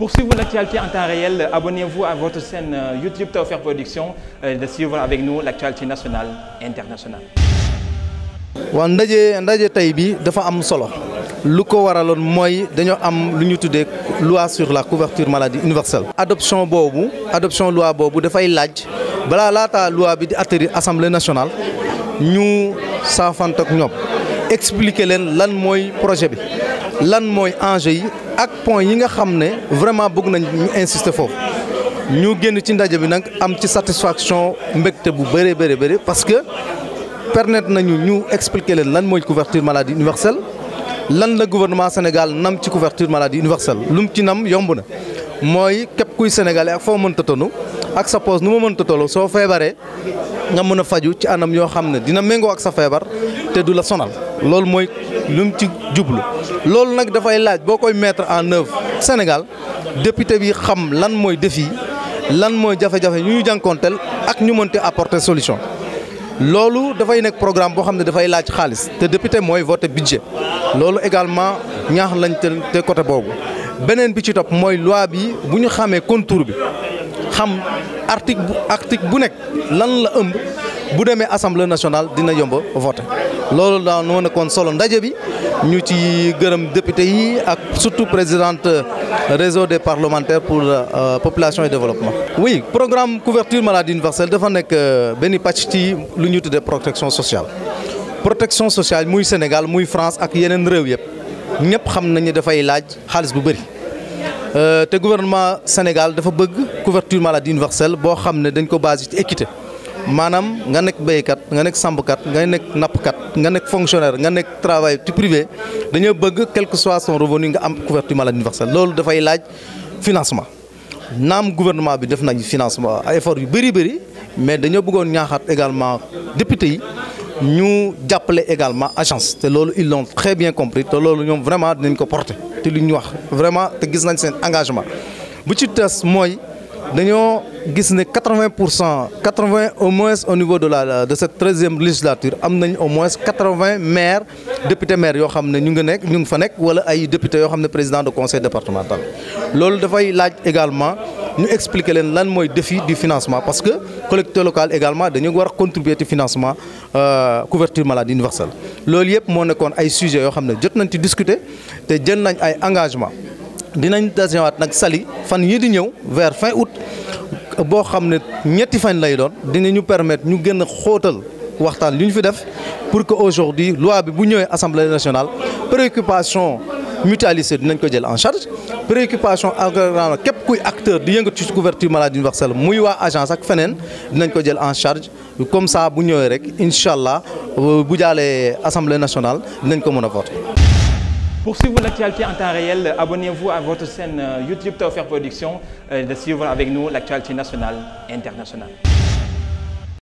Pour suivre l'actualité en temps réel, abonnez-vous à votre chaîne euh, YouTube Tawfekh Production et euh, de suivre avec nous l'actualité nationale et internationale. ndaje ndaje tey bi dafa am solo lu ko waraloon mooy dañoo am lu ñu tuddee loi sur la couverture maladie universelle. adoption boobu adoption loi boobu dafay laaj balaa laataa loi bi di atterrir assemblée nationale ñu saafante ak ñoom expliquer leen lan mooy projet bi. lan mooy enjeu yi ak point yi nga xam ne vraiment bëgg nañ ñu insister foofu ñu génn ci ndaje bi nag am ci satisfaction mbégte bu bëree bëri bëri parce que permettre nañu ñu expliquer leen lan mooy couverture maladie universelle lan la gouvernement Sénégal nam ci couverture maladie universelle lu mu ci nam yomb na mooy képp kuy sénégalais ak foo mënta tonu ak sa poos nu ma mënta toll soo feebaree nga mën a faju ci anam yoo xam ne dina méngoo ak sa feebar te du la sonal loolu mooy lu mu ci jublu loolu nag dafay laaj boo koy mettre en œuvre Sénégal député bi xam lan mooy défi lan mooy jafe-jafe ñu ñu jànkonteel ak ñu mënte apporter solution loolu dafay nekk programme boo xam ne dafay laaj xaalis te député mooy voté budget loolu également ñaax lañ te côté boobu beneen bi ci topp mooy loi bi bu ñu xamee contour bi xam article bu bu nekk lan la ëmb bu demee assemblée nationale dina yomb voté loolu daaw moo nekkoon solo ndaje bi ñu ci gërëm député yi ak surtout présidente euh, réseau de parlementaire pour euh, population et développement. oui programme couverture maladie universelle dafa nekk euh, benn pàcc ci lu ñuy tuddee protection sociale protection sociale muy Sénégal muy France ak yeneen réew yëpp ñëpp xam nañu dafay laaj xaalis bu bëri. Euh, te gouvernement Sénégal dafa bëgg couverture maladie universelle boo xam ne dañ ko basé ci équité maanaam nga nekk béykat nga nekk sàmmkat nga nekk nappkat nga nekk fonctionnaire nga nekk travail ci privé dañoo bëgg quel que soit son revenu nga am couverture maladie universelle loolu dafay laaj financement naam gouvernement bi def nañ financement ay effort yu bëri bëri mais dañoo bëggoon ñaaxaat également député yi ñu jàppale également agence te loolu ils l'ont très bien compris te loolu ñoom vraiment dinañ ko porter te li ñu wax vraiment te gis nañ seen engagement bu ci des mooy dañoo gis ne quatre-vingts pour cent quatre-vingts au moins au niveau de la de cette treizième législature am nañ au moins quatre-vingts maires député maire yoo xam ne ñu ngi nekk ñu ngi fa nekk wala ay député yoo xam ne président de conseil départemental loolu dafay laaj également. ñu expliquer leen lan mooy défi du financement parce que collectivité locale également dañu war a contribuer ci financement euh, couverture maladie universelle. loolu yëpp moo nekkoon ay sujets yoo xam ne jot nañ ci discuter te jël nañ ay engagement dinañ dajewaat nag sali fan yii di ñëw vers fin août boo xam ne ñetti fan lay doon dinañu permettre ñu gën a xóotal waxtaan li ñu fi def pour que aujourd'hui loi bi bu ñëwee assemblée nationale préoccupation. mutualistes dinañ ko jël en charge préoccupation engrain képp kuy acteur di yëngatu ci couverture maladie universelle muy waa agence ak feneen dinañ ko jël en charge comme ça bu ñëwee rek incha allah euh, bu jaalee assemblée nationale dinañ ko mën a voter. Pour suivre l'actualité en temps réel, abonnez-vous à votre chaîne euh, YouTube Tawfekh Production euh, et de suivre avec nous l'actualité nationale et internationale.